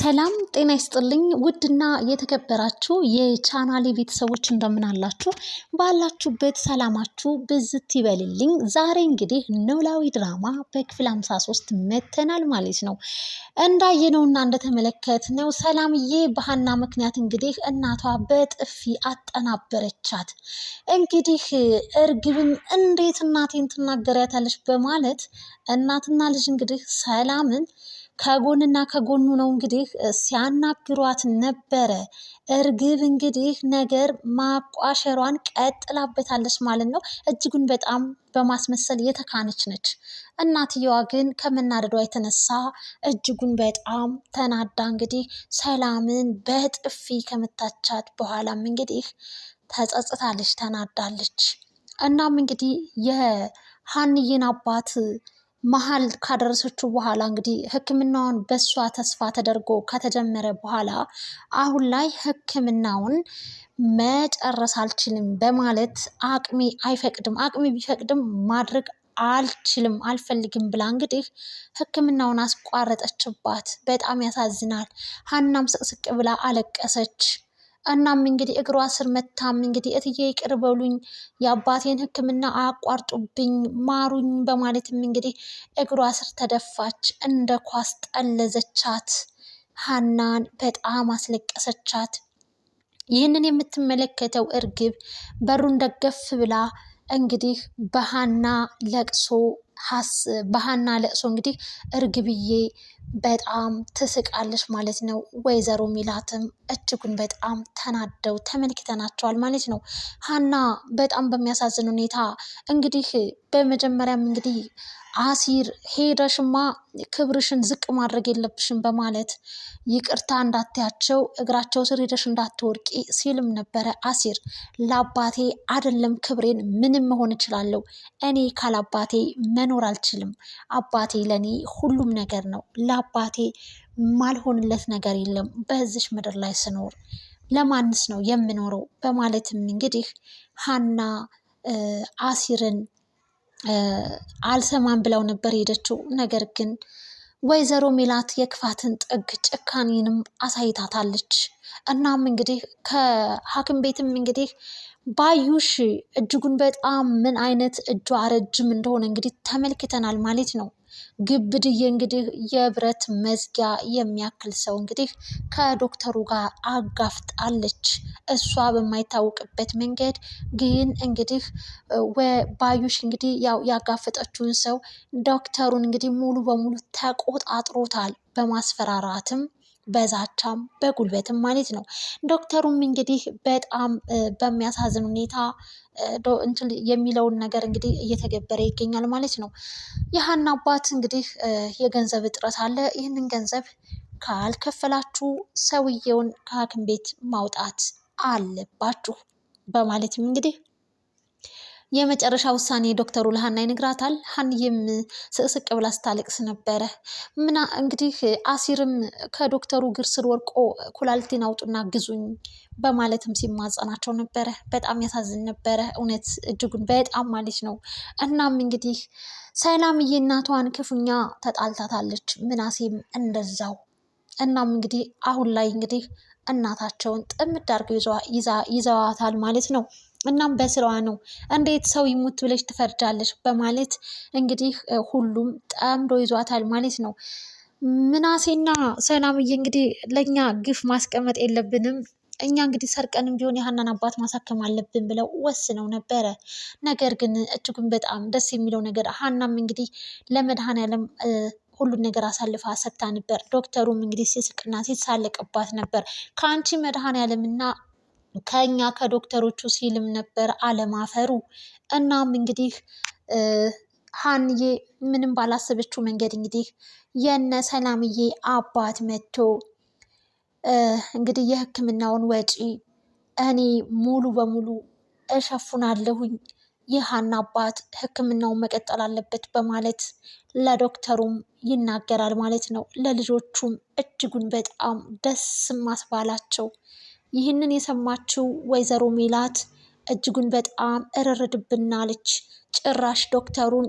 ሰላም ጤና ይስጥልኝ። ውድና የተከበራችሁ የቻናሌ ቤተሰቦች እንደምን አላችሁ? ባላችሁበት ሰላማችሁ ብዝት ይበልልኝ። ዛሬ እንግዲህ ኖላዊ ድራማ በክፍል 53 መተናል ማለት ነው። እንዳየነውና እንደተመለከትነው ሰላምዬ በሀና ምክንያት እንግዲህ እናቷ በጥፊ አጠናበረቻት። እንግዲህ እርግብም እንዴት እናቴን ትናገሪያታለች በማለት እናትና ልጅ እንግዲህ ሰላምን ከጎንና ከጎኑ ነው እንግዲህ ሲያናግሯት ነበረ። እርግብ እንግዲህ ነገር ማቋሸሯን ቀጥላበታለች ማለት ነው። እጅጉን በጣም በማስመሰል የተካነች ነች። እናትየዋ ግን ከመናደዷ የተነሳ እጅጉን በጣም ተናዳ እንግዲህ ሰላምን በጥፊ ከመታቻት በኋላም እንግዲህ ተጸጽታለች፣ ተናዳለች። እናም እንግዲህ የሀንዬን አባት መሀል ካደረሰችው በኋላ እንግዲህ ሕክምናውን በእሷ ተስፋ ተደርጎ ከተጀመረ በኋላ አሁን ላይ ሕክምናውን መጨረስ አልችልም በማለት አቅሜ አይፈቅድም፣ አቅሜ ቢፈቅድም ማድረግ አልችልም አልፈልግም ብላ እንግዲህ ህክምናውን አስቋረጠችባት። በጣም ያሳዝናል። ሀናም ስቅስቅ ብላ አለቀሰች። እናም እንግዲህ እግሯ ስር መታም እንግዲህ እትዬ ይቅር በሉኝ፣ የአባቴን ሕክምና አያቋርጡብኝ፣ ማሩኝ በማለትም እንግዲህ እግሯ ስር ተደፋች። እንደ ኳስ ጠለዘቻት። ሀናን በጣም አስለቀሰቻት። ይህንን የምትመለከተው እርግብ በሩን ደገፍ ብላ እንግዲህ በሀና ለቅሶ በሀና ለቅሶ እንግዲህ እርግብዬ በጣም ትስቃለች ማለት ነው። ወይዘሮ ሚላትም እጅጉን በጣም ተናደው ተመልክተናቸዋል ማለት ነው። ሀና በጣም በሚያሳዝን ሁኔታ እንግዲህ በመጀመሪያም እንግዲህ አሲር ሄደሽማ ክብርሽን ዝቅ ማድረግ የለብሽም በማለት ይቅርታ እንዳትያቸው እግራቸው ስር ሄደሽ እንዳትወድቂ ሲልም ነበረ። አሲር ለአባቴ አይደለም ክብሬን ምንም መሆን እችላለሁ፣ እኔ ካላባቴ መኖር አልችልም። አባቴ ለእኔ ሁሉም ነገር ነው። ለአባቴ ማልሆንለት ነገር የለም በዚች ምድር ላይ ስኖር ለማንስ ነው የምኖረው? በማለትም እንግዲህ ሀና አሲርን አልሰማም ብለው ነበር ሄደችው። ነገር ግን ወይዘሮ ሜላት የክፋትን ጥግ ጭካኔንም አሳይታታለች። እናም እንግዲህ ከሐኪም ቤትም እንግዲህ ባዩሽ እጅጉን በጣም ምን አይነት እጇ ረጅም እንደሆነ እንግዲህ ተመልክተናል ማለት ነው። ግብድዬ እንግዲህ የብረት መዝጊያ የሚያክል ሰው እንግዲህ ከዶክተሩ ጋር አጋፍጣለች። እሷ በማይታወቅበት መንገድ ግን እንግዲህ ባዩሽ እንግዲህ ያው ያጋፈጠችውን ሰው ዶክተሩን እንግዲህ ሙሉ በሙሉ ተቆጣጥሮታል። በማስፈራራትም በዛቻም በጉልበትም ማለት ነው። ዶክተሩም እንግዲህ በጣም በሚያሳዝን ሁኔታ እንትን የሚለውን ነገር እንግዲህ እየተገበረ ይገኛል ማለት ነው። የሀና አባት እንግዲህ የገንዘብ እጥረት አለ። ይህንን ገንዘብ ካልከፈላችሁ ሰውየውን ከሐኪም ቤት ማውጣት አለባችሁ በማለትም እንግዲህ የመጨረሻ ውሳኔ ዶክተሩ ለሀና ይነግራታል። ሀንዬም ስቅስቅ ብላ ስታለቅስ ነበረ። ምና እንግዲህ አሲርም ከዶክተሩ ግር ስር ወድቆ ኩላሊቴን አውጡና ግዙኝ በማለትም ሲማጸናቸው ነበረ። በጣም ያሳዝን ነበረ እውነት እጅጉን በጣም ማለት ነው። እናም እንግዲህ ሰላምዬ እናቷን ክፉኛ ተጣልታታለች። ምናሴም እንደዛው። እናም እንግዲህ አሁን ላይ እንግዲህ እናታቸውን ጥምድ አድርገው ይዘዋታል ማለት ነው። እናም በስራዋ ነው እንዴት ሰው ይሙት ብለሽ ትፈርጃለሽ? በማለት እንግዲህ ሁሉም ጠምዶ ይዟታል ማለት ነው። ምናሴና ሰላምዬ እንግዲህ ለእኛ ግፍ ማስቀመጥ የለብንም እኛ እንግዲህ ሰርቀንም ቢሆን የሀናን አባት ማሳከም አለብን ብለው ወስነው ነበረ። ነገር ግን እጅጉን በጣም ደስ የሚለው ነገር ሀናም እንግዲህ ለመድኃኔዓለም ሁሉን ነገር አሳልፋ ሰጥታ ነበር። ዶክተሩም እንግዲህ ሲስቅና ሲሳለቅባት ነበር ከአንቺ መድኃኔዓለምና ከኛ ከዶክተሮቹ ሲልም ነበር አለማፈሩ። እናም እንግዲህ ሀንዬ ምንም ባላሰበችው መንገድ እንግዲህ የነ ሰላምዬ አባት መጥቶ እንግዲህ የሕክምናውን ወጪ እኔ ሙሉ በሙሉ እሸፉናለሁኝ ይህን አባት ሕክምናውን መቀጠል አለበት በማለት ለዶክተሩም ይናገራል ማለት ነው። ለልጆቹም እጅጉን በጣም ደስ ማስባላቸው። ይህንን የሰማችው ወይዘሮ ሜላት እጅጉን በጣም እርርድብና አለች። ጭራሽ ዶክተሩን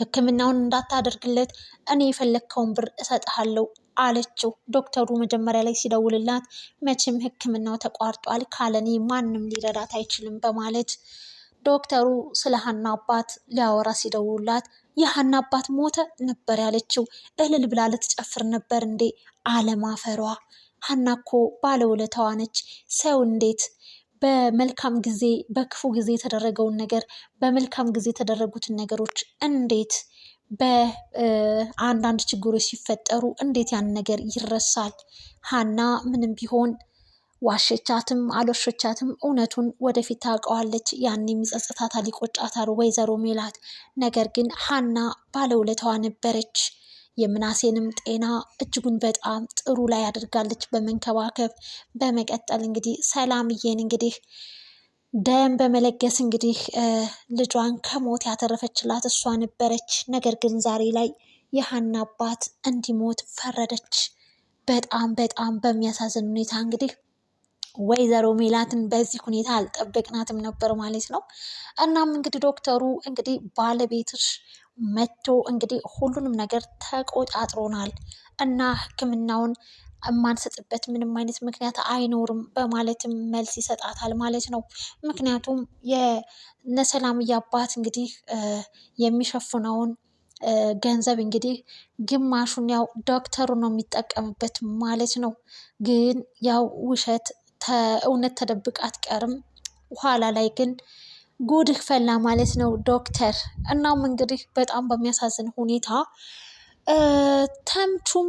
ሕክምናውን እንዳታደርግለት እኔ የፈለግከውን ብር እሰጥሃለሁ አለችው። ዶክተሩ መጀመሪያ ላይ ሲደውልላት መቼም ሕክምናው ተቋርጧል ካለኔ ማንም ሊረዳት አይችልም በማለት ዶክተሩ ስለ ሀና አባት ሊያወራ ሲደውላት የሀና አባት ሞተ ነበር ያለችው። እልል ብላ ልትጨፍር ነበር እንዴ አለማፈሯ ሀናኮ ባለውለታዋ ነች። ሰው እንዴት በመልካም ጊዜ በክፉ ጊዜ የተደረገውን ነገር በመልካም ጊዜ የተደረጉትን ነገሮች እንዴት በአንዳንድ ችግሮች ሲፈጠሩ እንዴት ያን ነገር ይረሳል? ሀና ምንም ቢሆን ዋሸቻትም አልዋሸቻትም እውነቱን ወደፊት ታውቀዋለች። ያን የሚጸጽታታል፣ ይቆጫታል ወይዘሮ ሜላት። ነገር ግን ሀና ባለውለታዋ ነበረች። የምናሴንም ጤና እጅጉን በጣም ጥሩ ላይ አድርጋለች በመንከባከብ በመቀጠል እንግዲህ ሰላምዬን እንግዲህ ደም በመለገስ እንግዲህ ልጇን ከሞት ያተረፈችላት እሷ ነበረች። ነገር ግን ዛሬ ላይ የሀና አባት እንዲሞት ፈረደች። በጣም በጣም በሚያሳዝን ሁኔታ እንግዲህ ወይዘሮ ሜላትን በዚህ ሁኔታ አልጠበቅናትም ነበር ማለት ነው። እናም እንግዲህ ዶክተሩ እንግዲህ ባለቤትሽ መጥቶ እንግዲህ ሁሉንም ነገር ተቆጣጥሮናል እና ሕክምናውን የማንሰጥበት ምንም አይነት ምክንያት አይኖርም በማለትም መልስ ይሰጣታል ማለት ነው። ምክንያቱም የነሰላም አባት እንግዲህ የሚሸፍነውን ገንዘብ እንግዲህ ግማሹን ያው ዶክተሩ ነው የሚጠቀምበት ማለት ነው። ግን ያው ውሸት እውነት ተደብቃ አትቀርም። ኋላ ላይ ግን ጉድህ ፈላ ማለት ነው ዶክተር። እናም እንግዲህ በጣም በሚያሳዝን ሁኔታ ተምቹም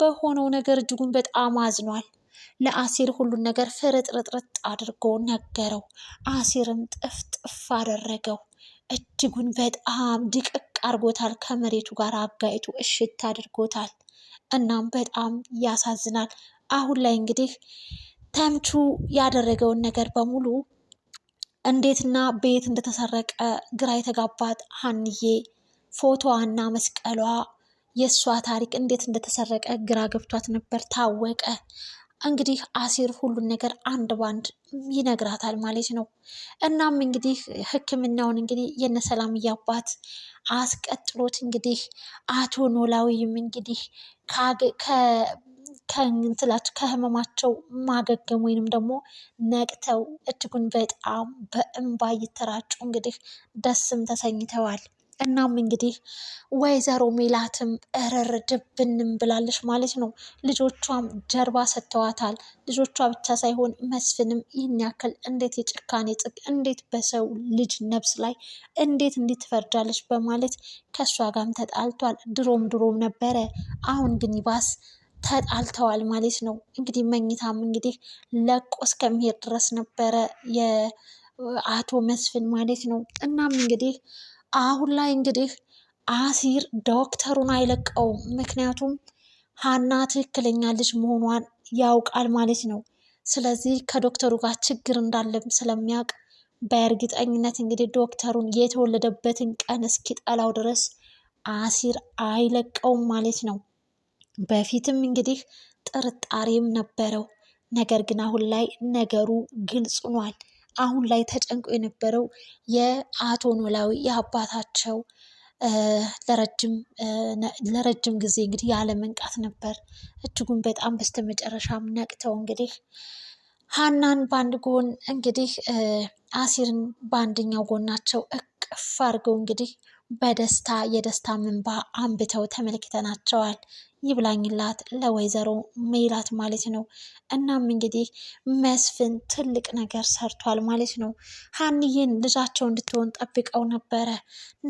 በሆነው ነገር እጅጉን በጣም አዝኗል። ለአሲር ሁሉን ነገር ፍርጥርጥርጥ አድርጎ ነገረው። አሲርም ጥፍጥፍ አደረገው። እጅጉን በጣም ድቅቅ አድርጎታል። ከመሬቱ ጋር አጋይቱ እሽት አድርጎታል። እናም በጣም ያሳዝናል። አሁን ላይ እንግዲህ ተምቹ ያደረገውን ነገር በሙሉ እንዴትና በየት እንደተሰረቀ ግራ የተጋባት ሀንዬ ፎቶዋና መስቀሏ የእሷ ታሪክ እንዴት እንደተሰረቀ ግራ ገብቷት ነበር። ታወቀ እንግዲህ አሲር ሁሉን ነገር አንድ ባንድ ይነግራታል ማለት ነው። እናም እንግዲህ ሕክምናውን እንግዲህ ሰላም እያባት አስቀጥሎት እንግዲህ አቶ ኖላዊም እንግዲህ ከእንትላቸው ከህመማቸው ማገገም ወይንም ደግሞ ነቅተው እጅጉን በጣም በእንባ እየተራጩ እንግዲህ ደስም ተሰኝተዋል። እናም እንግዲህ ወይዘሮ ሜላትም እርር ድብንም ብላለች ማለት ነው። ልጆቿም ጀርባ ሰጥተዋታል። ልጆቿ ብቻ ሳይሆን መስፍንም ይህን ያክል እንዴት የጭካኔ ጥግ፣ እንዴት በሰው ልጅ ነብስ ላይ እንዴት እንዲት ትፈርጃለች በማለት ከእሷ ጋርም ተጣልቷል። ድሮም ድሮም ነበረ፣ አሁን ግን ይባስ ተጣልተዋል ማለት ነው። እንግዲህ መኝታም እንግዲህ ለቆ እስከሚሄድ ድረስ ነበረ የአቶ መስፍን ማለት ነው። እናም እንግዲህ አሁን ላይ እንግዲህ አሲር ዶክተሩን አይለቀውም። ምክንያቱም ሀና ትክክለኛ ልጅ መሆኗን ያውቃል ማለት ነው። ስለዚህ ከዶክተሩ ጋር ችግር እንዳለም ስለሚያውቅ በእርግጠኝነት እንግዲህ ዶክተሩን የተወለደበትን ቀን እስኪጠላው ድረስ አሲር አይለቀውም ማለት ነው። በፊትም እንግዲህ ጥርጣሬም ነበረው። ነገር ግን አሁን ላይ ነገሩ ግልጽ ሆኗል። አሁን ላይ ተጨንቆ የነበረው የአቶ ኖላዊ የአባታቸው ለረጅም ጊዜ እንግዲህ ያለ መንቃት ነበር። እጅጉን በጣም በስተመጨረሻም ነቅተው እንግዲህ ሀናን በአንድ ጎን እንግዲህ አሲርን በአንደኛው ጎናቸው እቅፍ አድርገው እንግዲህ በደስታ የደስታ ምንባ አንብተው ተመልክተናቸዋል። ይብላኝላት ለወይዘሮ ሜላት ማለት ነው። እናም እንግዲህ መስፍን ትልቅ ነገር ሰርቷል ማለት ነው። ሀንዬን ልጃቸው እንድትሆን ጠብቀው ነበረ።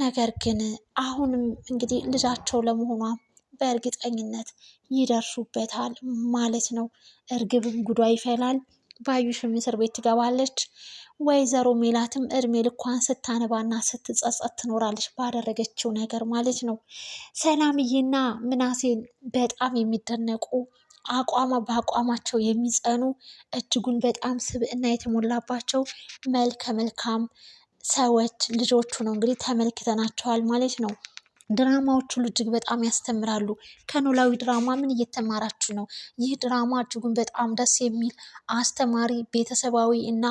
ነገር ግን አሁንም እንግዲህ ልጃቸው ለመሆኗ በእርግጠኝነት ይደርሱበታል ማለት ነው። እርግብም ጉዷ ይፈላል። ባዩሽም እስር ቤት ትገባለች። ወይዘሮ ሜላትም እድሜ ልኳን ስታነባና ስትጸጸት ትኖራለች ባደረገችው ነገር ማለት ነው። ሰላምዬና ምናሴን በጣም የሚደነቁ አቋማ በአቋማቸው የሚጸኑ እጅጉን በጣም ስብዕና የተሞላባቸው መልከ መልካም ሰዎች ልጆቹ ነው እንግዲህ ተመልክተናቸዋል ማለት ነው። ድራማዎች ሁሉ እጅግ በጣም ያስተምራሉ። ከኖላዊ ድራማ ምን እየተማራችሁ ነው? ይህ ድራማ እጅጉን በጣም ደስ የሚል አስተማሪ፣ ቤተሰባዊ እና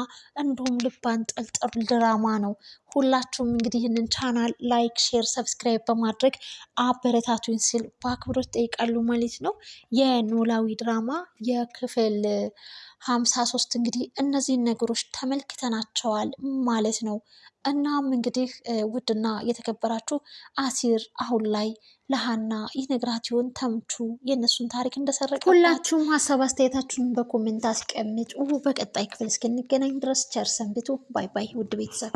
እንዲሁም ልብ አንጠልጣይ ድራማ ነው። ሁላችሁም እንግዲህ ይህንን ቻናል ላይክ፣ ሼር፣ ሰብስክራይብ በማድረግ አበረታቱኝ ስል በአክብሮት ጠይቃሉ ማለት ነው። የኖላዊ ድራማ የክፍል ሀምሳ ሶስት እንግዲህ እነዚህን ነገሮች ተመልክተናቸዋል ማለት ነው። እናም እንግዲህ ውድና የተከበራችሁ አሲር አሁን ላይ ለሀና ይነግራት ይሆን? ተምቹ የእነሱን ታሪክ እንደሰረቀ። ሁላችሁም ሀሳብ አስተያየታችሁን በኮሜንት አስቀምጡ። በቀጣይ ክፍል እስክንገናኝ ድረስ ቸር ሰንብቱ። ባይ ባይ ውድ ቤተሰብ